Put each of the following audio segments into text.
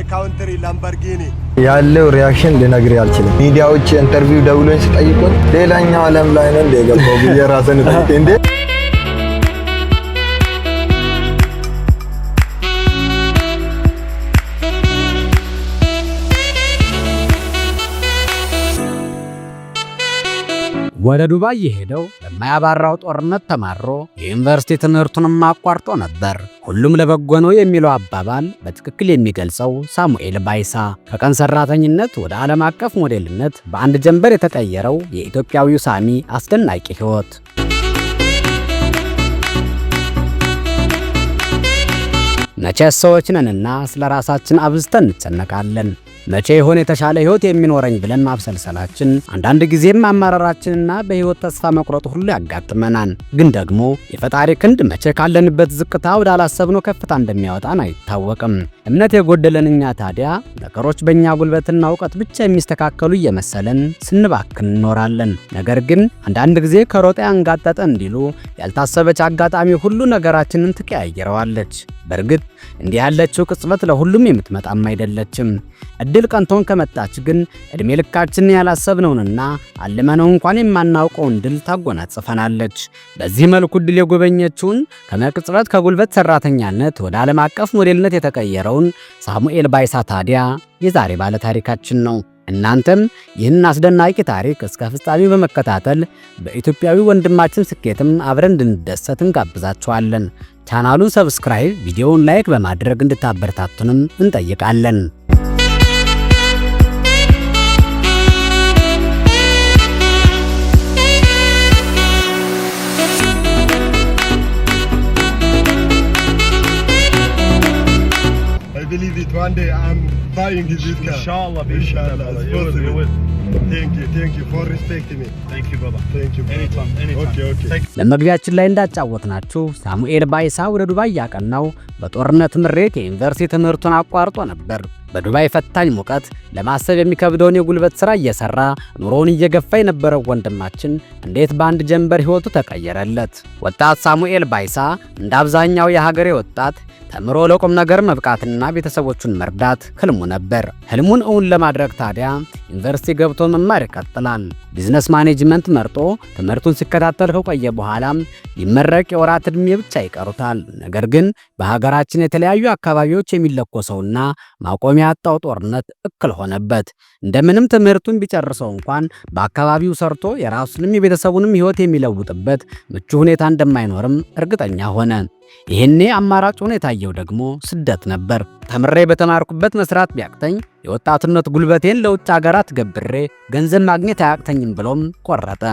ማይ ካውንትሪ ላምበርጊኒ ያለው ሪያክሽን ልነግር አልችልም። ሚዲያዎች ኢንተርቪው ደውሎኝ ሲጠይቁት ሌላኛው ዓለም ላይ ነው እንደገባው ብዬ ራስን ጠይቄ እንዴ ወደ ዱባይ የሄደው በማያባራው ጦርነት ተማሮ የዩኒቨርሲቲ ትምህርቱንም አቋርጦ ነበር። ሁሉም ለበጎ ነው የሚለው አባባል በትክክል የሚገልጸው ሳሙኤል ባይሳ ከቀን ሰራተኝነት ወደ ዓለም አቀፍ ሞዴልነት በአንድ ጀንበር የተቀየረው የኢትዮጵያዊው ሳሚ አስደናቂ ሕይወት መቼስ ሰዎች ነንና ስለ ራሳችን አብዝተን እንጨነቃለን። መቼ ይሆን የተሻለ ህይወት የሚኖረኝ ብለን ማብሰልሰላችን፣ አንዳንድ ጊዜም አማራራችንና በህይወት ተስፋ መቁረጥ ሁሉ ያጋጥመናል። ግን ደግሞ የፈጣሪ ክንድ መቼ ካለንበት ዝቅታ ወደ ከፍታ እንደሚያወጣን አይታወቅም። እምነት የጎደለን እኛ ታዲያ ነገሮች በእኛ ጉልበትና እውቀት ብቻ የሚስተካከሉ እየመሰለን ስንባክን እንኖራለን። ነገር ግን አንዳንድ ጊዜ ከሮጠ አንጋጠጠ እንዲሉ ያልታሰበች አጋጣሚ ሁሉ ነገራችንን ትቀያይረዋለች። በእርግጥ እንዲህ ያለችው ቅጽበት ለሁሉም የምትመጣም አይደለችም። እድል ቀንቶን ከመጣች ግን እድሜ ልካችንን ያላሰብነውንና አልመነው እንኳን የማናውቀውን ድል ታጎናጽፈናለች። በዚህ መልኩ እድል የጎበኘችውን ከመቅጽበት ከጉልበት ሰራተኛነት ወደ ዓለም አቀፍ ሞዴልነት የተቀየረውን ሳሙኤል ባይሳ ታዲያ የዛሬ ባለ ታሪካችን ነው። እናንተም ይህን አስደናቂ ታሪክ እስከ ፍጻሜው በመከታተል በኢትዮጵያዊ ወንድማችን ስኬትም አብረን እንድንደሰት እንጋብዛችኋለን። ቻናሉን ሰብስክራይብ፣ ቪዲዮውን ላይክ በማድረግ እንድታበረታቱንም እንጠይቃለን። I believe it one day I'm buying car. Inshallah, inshallah. inshallah. inshallah. Inshallah, inshallah. ለመግቢያችን ላይ እንዳጫወትናችሁ ሳሙኤል ባይሳ ወደ ዱባይ ያቀናው በጦርነት ምሬት የዩኒቨርሲቲ ትምህርቱን አቋርጦ ነበር። በዱባይ ፈታኝ ሙቀት ለማሰብ የሚከብደውን የጉልበት ሥራ እየሠራ ኑሮውን እየገፋ የነበረው ወንድማችን እንዴት በአንድ ጀንበር ሕይወቱ ተቀየረለት? ወጣት ሳሙኤል ባይሳ እንደ አብዛኛው የሀገሬ ወጣት ተምሮ ለቁም ነገር መብቃትና ቤተሰቦቹን መርዳት ህልሙ ነበር። ህልሙን እውን ለማድረግ ታዲያ ዩኒቨርሲቲ ገብቶ መማር ይቀጥላል። ቢዝነስ ማኔጅመንት መርጦ ትምህርቱን ሲከታተል ከቆየ በኋላም ሊመረቅ የወራት ዕድሜ ብቻ ይቀሩታል። ነገር ግን በሀገር በሀገራችን የተለያዩ አካባቢዎች የሚለኮሰውና ማቆሚያ ያጣው ጦርነት እክል ሆነበት። እንደምንም ትምህርቱን ቢጨርሰው እንኳን በአካባቢው ሰርቶ የራሱንም የቤተሰቡንም ሕይወት የሚለውጥበት ምቹ ሁኔታ እንደማይኖርም እርግጠኛ ሆነ። ይህኔ አማራጭ ሆኖ የታየው ደግሞ ስደት ነበር። ተምሬ በተማርኩበት መስራት ቢያቅተኝ የወጣትነት ጉልበቴን ለውጭ አገራት ገብሬ ገንዘብ ማግኘት አያቅተኝም ብሎም ቆረጠ።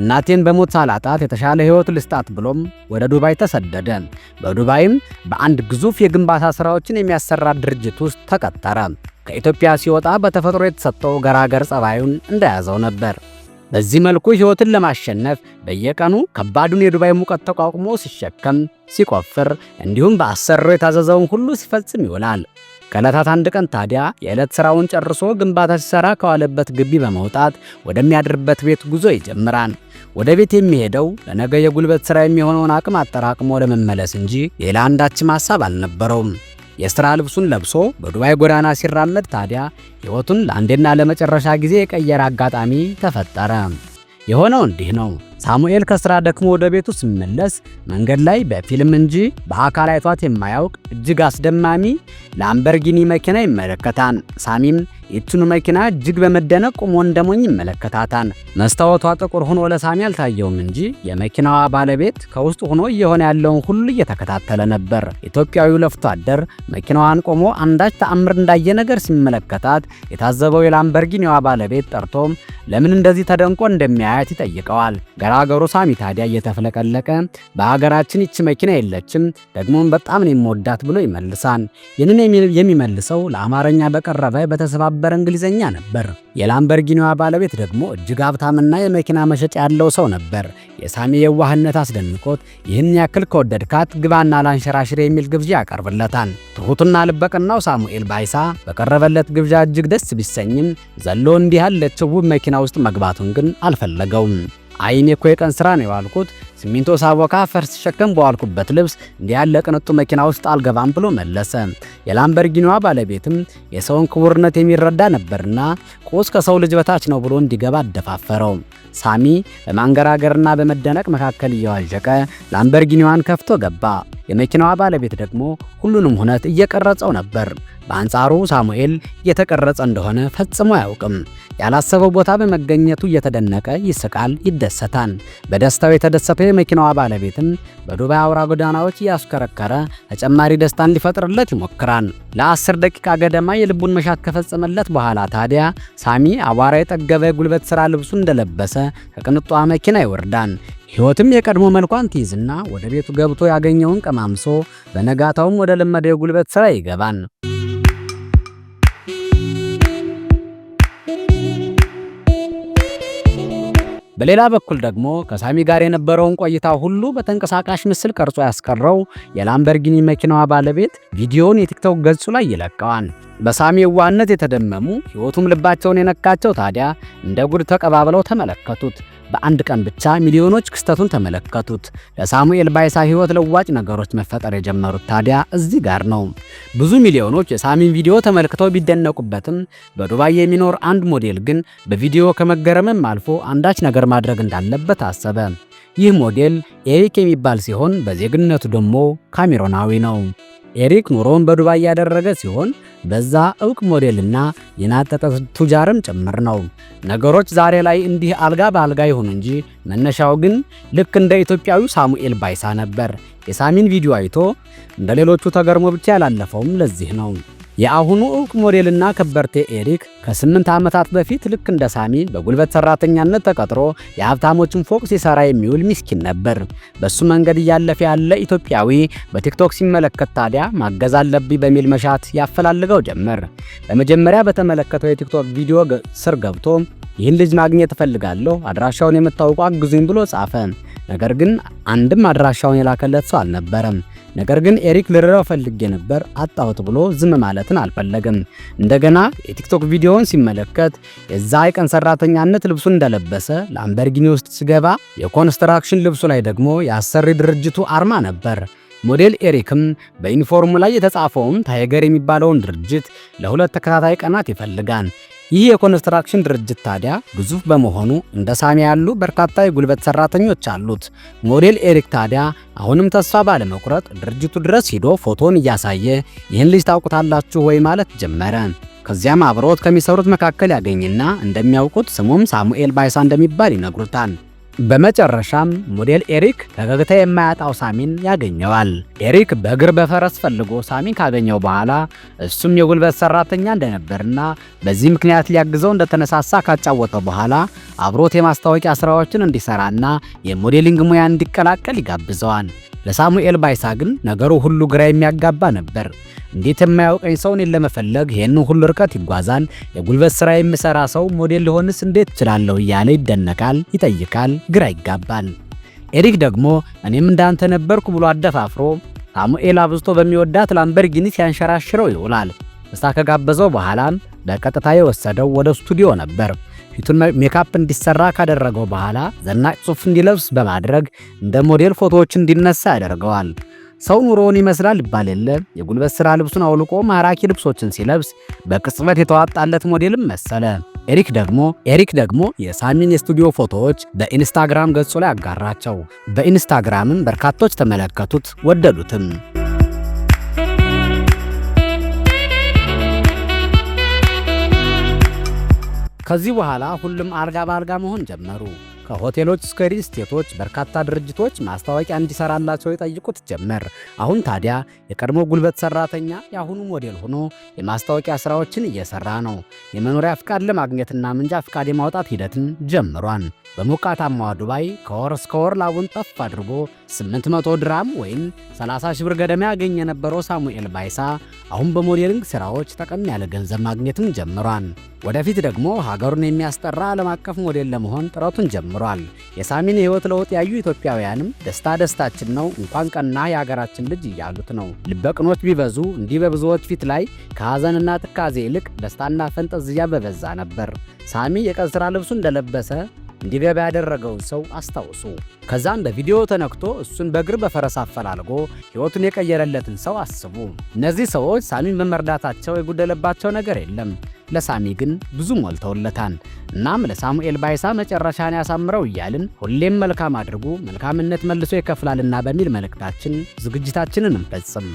እናቴን በሞት ሳላጣት የተሻለ ሕይወት ልስጣት ብሎም ወደ ዱባይ ተሰደደ። በዱባይም በአንድ ግዙፍ የግንባታ ሥራዎችን የሚያሰራ ድርጅት ውስጥ ተቀጠረ። ከኢትዮጵያ ሲወጣ በተፈጥሮ የተሰጠው ገራገር ጸባዩን እንደያዘው ነበር። በዚህ መልኩ ሕይወትን ለማሸነፍ በየቀኑ ከባዱን የዱባይ ሙቀት ተቋቁሞ ሲሸከም፣ ሲቆፍር እንዲሁም በአሰሪው የታዘዘውን ሁሉ ሲፈጽም ይውላል። ከዕለታት አንድ ቀን ታዲያ የዕለት ሥራውን ጨርሶ ግንባታ ሲሠራ ከዋለበት ግቢ በመውጣት ወደሚያድርበት ቤት ጉዞ ይጀምራል። ወደ ቤት የሚሄደው ለነገ የጉልበት ሥራ የሚሆነውን አቅም አጠራቅሞ ለመመለስ እንጂ ሌላ አንዳችም ሐሳብ አልነበረውም። የሥራ ልብሱን ለብሶ በዱባይ ጎዳና ሲራመድ ታዲያ ሕይወቱን ለአንዴና ለመጨረሻ ጊዜ የቀየረ አጋጣሚ ተፈጠረ። የሆነው እንዲህ ነው። ሳሙኤል ከስራ ደክሞ ወደ ቤቱ ሲመለስ መንገድ ላይ በፊልም እንጂ በአካል አይቷት የማያውቅ እጅግ አስደማሚ ላምበርጊኒ መኪና ይመለከታል። ሳሚም ይህችኑ መኪና እጅግ በመደነቅ ቆሞ እንደሞኝ ይመለከታታል። መስታወቷ ጥቁር ሆኖ ለሳሚ አልታየውም እንጂ የመኪናዋ ባለቤት ከውስጡ ሆኖ እየሆነ ያለውን ሁሉ እየተከታተለ ነበር። ኢትዮጵያዊው ለፍቶ አደር መኪናዋን ቆሞ አንዳች ተአምር እንዳየ ነገር ሲመለከታት የታዘበው የላምበርጊኒዋ ባለቤት ጠርቶም ለምን እንደዚህ ተደንቆ እንደሚያያት ይጠይቀዋል። ገራገሩ ሳሚ ታዲያ እየተፍለቀለቀ በሀገራችን ይቺ መኪና የለችም፣ ደግሞም በጣም ነው የምወዳት ብሎ ይመልሳል። ይህንን የሚመልሰው ለአማርኛ በቀረበ በተሰባ የነበረ እንግሊዘኛ ነበር። የላምበርጊኒዋ ባለቤት ደግሞ እጅግ ሀብታምና የመኪና መሸጫ ያለው ሰው ነበር። የሳሚ የዋህነት አስደንቆት ይህን ያክል ከወደድካት ግባና ላንሸራሽር የሚል ግብዣ ያቀርብለታል። ትሑትና ልበቅናው ሳሙኤል ባይሳ በቀረበለት ግብዣ እጅግ ደስ ቢሰኝም ዘሎ እንዲህ ያለችው ውብ መኪና ውስጥ መግባቱን ግን አልፈለገውም። አይኔ እኮ የቀን ስራ ነው የዋልኩት ሲሚንቶ ሳቦካ ፈርስ ሸከም በዋልኩበት ልብስ እንዲህ ያለ ቅንጡ መኪና ውስጥ አልገባም ብሎ መለሰ። የላምበርጊኒዋ ባለቤትም የሰውን ክቡርነት የሚረዳ ነበርና ቁስ ከሰው ልጅ በታች ነው ብሎ እንዲገባ አደፋፈረው። ሳሚ በማንገራገርና በመደነቅ መካከል እየዋዠቀ ላምበርጊኒዋን ከፍቶ ገባ። የመኪናዋ ባለቤት ደግሞ ሁሉንም ሁነት እየቀረጸው ነበር። በአንጻሩ ሳሙኤል እየተቀረጸ እንደሆነ ፈጽሞ አያውቅም። ያላሰበው ቦታ በመገኘቱ እየተደነቀ ይስቃል፣ ይደሰታል። በደስታው የተደሰተ የመኪናዋ ባለቤትም በዱባይ አውራ ጎዳናዎች እያስከረከረ ተጨማሪ ደስታ እንዲፈጥርለት ይሞክራል። ለአስር ደቂቃ ገደማ የልቡን መሻት ከፈጸመለት በኋላ ታዲያ ሳሚ አቧራ የጠገበ የጉልበት ሥራ ልብሱ እንደለበሰ ከቅንጧ መኪና ይወርዳል። ሕይወትም የቀድሞ መልኳን ትይዝና ወደ ቤቱ ገብቶ ያገኘውን ቀማምሶ በነጋታውም ወደ ለመደ የጉልበት ሥራ ይገባል። በሌላ በኩል ደግሞ ከሳሚ ጋር የነበረውን ቆይታ ሁሉ በተንቀሳቃሽ ምስል ቀርጾ ያስቀረው የላምበርጊኒ መኪናዋ ባለቤት ቪዲዮውን የቲክቶክ ገጹ ላይ ይለቀዋል። በሳሚ ዋነት የተደመሙ ሕይወቱም ልባቸውን የነካቸው ታዲያ እንደ ጉድ ተቀባብለው ተመለከቱት። በአንድ ቀን ብቻ ሚሊዮኖች ክስተቱን ተመለከቱት። ለሳሙኤል ባይሳ ህይወት ለዋጭ ነገሮች መፈጠር የጀመሩት ታዲያ እዚህ ጋር ነው። ብዙ ሚሊዮኖች የሳሚን ቪዲዮ ተመልክተው ቢደነቁበትም በዱባይ የሚኖር አንድ ሞዴል ግን በቪዲዮ ከመገረምም አልፎ አንዳች ነገር ማድረግ እንዳለበት አሰበ። ይህ ሞዴል ኤሪክ የሚባል ሲሆን በዜግነቱ ደግሞ ካሜሮናዊ ነው። ኤሪክ ኑሮውን በዱባይ ያደረገ ሲሆን በዛ እውቅ ሞዴልና የናጠጠ ቱጃርም ጭምር ነው። ነገሮች ዛሬ ላይ እንዲህ አልጋ በአልጋ ይሆኑ እንጂ መነሻው ግን ልክ እንደ ኢትዮጵያዊው ሳሙኤል ባይሳ ነበር። የሳሚን ቪዲዮ አይቶ እንደ ሌሎቹ ተገርሞ ብቻ ያላለፈውም ለዚህ ነው። የአሁኑ ዕውቅ ሞዴልና ከበርቴ ኤሪክ ከስምንት ዓመታት በፊት ልክ እንደ ሳሚ በጉልበት ሰራተኛነት ተቀጥሮ የሀብታሞችን ፎቅ ሲሰራ የሚውል ሚስኪን ነበር። በሱ መንገድ እያለፈ ያለ ኢትዮጵያዊ በቲክቶክ ሲመለከት ታዲያ ማገዝ አለብኝ በሚል መሻት ያፈላልገው ጀመር። በመጀመሪያ በተመለከተው የቲክቶክ ቪዲዮ ስር ገብቶ ይህን ልጅ ማግኘት እፈልጋለሁ፣ አድራሻውን የምታውቁ አግዙኝ ብሎ ጻፈ። ነገር ግን አንድም አድራሻውን የላከለት ሰው አልነበረም። ነገር ግን ኤሪክ ልረዳው ፈልጌ ነበር አጣሁት ብሎ ዝም ማለትን አልፈለግም። እንደገና የቲክቶክ ቪዲዮውን ሲመለከት የዛ የቀን ሰራተኛነት ልብሱን እንደለበሰ ላምበርጊኒ ውስጥ ሲገባ የኮንስትራክሽን ልብሱ ላይ ደግሞ የአሰሪ ድርጅቱ አርማ ነበር። ሞዴል ኤሪክም በዩኒፎርሙ ላይ የተጻፈውን ታይገር የሚባለውን ድርጅት ለሁለት ተከታታይ ቀናት ይፈልጋል። ይህ የኮንስትራክሽን ድርጅት ታዲያ ግዙፍ በመሆኑ እንደ ሳሚ ያሉ በርካታ የጉልበት ሰራተኞች አሉት። ሞዴል ኤሪክ ታዲያ አሁንም ተስፋ ባለመቁረጥ ድርጅቱ ድረስ ሂዶ ፎቶን እያሳየ ይህን ልጅ ታውቁታላችሁ ወይ ማለት ጀመረ። ከዚያም አብረውት ከሚሰሩት መካከል ያገኝና እንደሚያውቁት ስሙም ሳሙኤል ባይሳ እንደሚባል ይነግሩታል። በመጨረሻም ሞዴል ኤሪክ ፈገግታ የማያጣው ሳሚን ያገኘዋል። ኤሪክ በእግር በፈረስ ፈልጎ ሳሚን ካገኘው በኋላ እሱም የጉልበት ሰራተኛ እንደነበርና በዚህ ምክንያት ሊያግዘው እንደተነሳሳ ካጫወተው በኋላ አብሮት የማስታወቂያ ስራዎችን እንዲሰራና የሞዴሊንግ ሙያ እንዲቀላቀል ይጋብዘዋል። ለሳሙኤል ባይሳ ግን ነገሩ ሁሉ ግራ የሚያጋባ ነበር። እንዴት የማያውቀኝ ሰው እኔን ለመፈለግ ይህን ሁሉ ርቀት ይጓዛል? የጉልበት ሥራ የምሠራ ሰው ሞዴል ሊሆንስ እንዴት እችላለሁ? እያለ ይደነቃል፣ ይጠይቃል፣ ግራ ይጋባል። ኤሪክ ደግሞ እኔም እንዳንተ ነበርኩ ብሎ አደፋፍሮ ሳሙኤል አብዝቶ በሚወዳት ላምበርጊኒ ሲያንሸራሽረው ይውላል። እሳ ከጋበዘው በኋላም በቀጥታ የወሰደው ወደ ስቱዲዮ ነበር። ፊቱን ሜካፕ እንዲሰራ ካደረገው በኋላ ዘናጭ ሱፍ እንዲለብስ በማድረግ እንደ ሞዴል ፎቶዎች እንዲነሳ ያደርገዋል። ሰው ኑሮውን ይመስላል ይባል የለ የጉልበት ሥራ ልብሱን አውልቆ ማራኪ ልብሶችን ሲለብስ በቅጽበት የተዋጣለት ሞዴልም መሰለ። ኤሪክ ደግሞ ኤሪክ ደግሞ የሳሚን የስቱዲዮ ፎቶዎች በኢንስታግራም ገጹ ላይ አጋራቸው። በኢንስታግራምም በርካቶች ተመለከቱት፣ ወደዱትም። ከዚህ በኋላ ሁሉም አልጋ በአልጋ መሆን ጀመሩ። ከሆቴሎች እስከ ሪል ስቴቶች በርካታ ድርጅቶች ማስታወቂያ እንዲሰራላቸው የጠይቁት ጀመር። አሁን ታዲያ የቀድሞ ጉልበት ሰራተኛ የአሁኑ ሞዴል ሆኖ የማስታወቂያ ስራዎችን እየሰራ ነው። የመኖሪያ ፍቃድ ለማግኘትና መንጃ ፍቃድ የማውጣት ሂደትን ጀምሯል። በሞቃታማዋ ዱባይ ከወር እስከ ወር ላቡን ጠፍ አድርጎ 800 ድራም ወይም 30 ሺህ ብር ገደማ ያገኝ የነበረው ሳሙኤል ባይሳ አሁን በሞዴሊንግ ሥራዎች ጠቀም ያለ ገንዘብ ማግኘትም ጀምሯል። ወደፊት ደግሞ ሀገሩን የሚያስጠራ ዓለም አቀፍ ሞዴል ለመሆን ጥረቱን ጀምሯል። የሳሚን የሕይወት ለውጥ ያዩ ኢትዮጵያውያንም ደስታ ደስታችን ነው፣ እንኳን ቀና የሀገራችን ልጅ እያሉት ነው። ልበቅኖች ቢበዙ እንዲህ በብዙዎች ፊት ላይ ከሐዘንና ትካዜ ይልቅ ደስታና ፈንጠዝያ በበዛ ነበር። ሳሚ የቀን ሥራ ልብሱ እንደለበሰ እንዲገባ ያደረገውን ሰው አስታውሱ። ከዛ እንደ ቪዲዮ ተነክቶ እሱን በእግር በፈረስ አፈላልጎ ሕይወቱን የቀየረለትን ሰው አስቡ። እነዚህ ሰዎች ሳሚን በመርዳታቸው የጎደለባቸው ነገር የለም። ለሳሚ ግን ብዙ ሞልተውለታል። እናም ለሳሙኤል ባይሳ መጨረሻን ያሳምረው እያልን ሁሌም መልካም አድርጉ፣ መልካምነት መልሶ ይከፍላልና በሚል መልእክታችን ዝግጅታችንን እንፈጽም።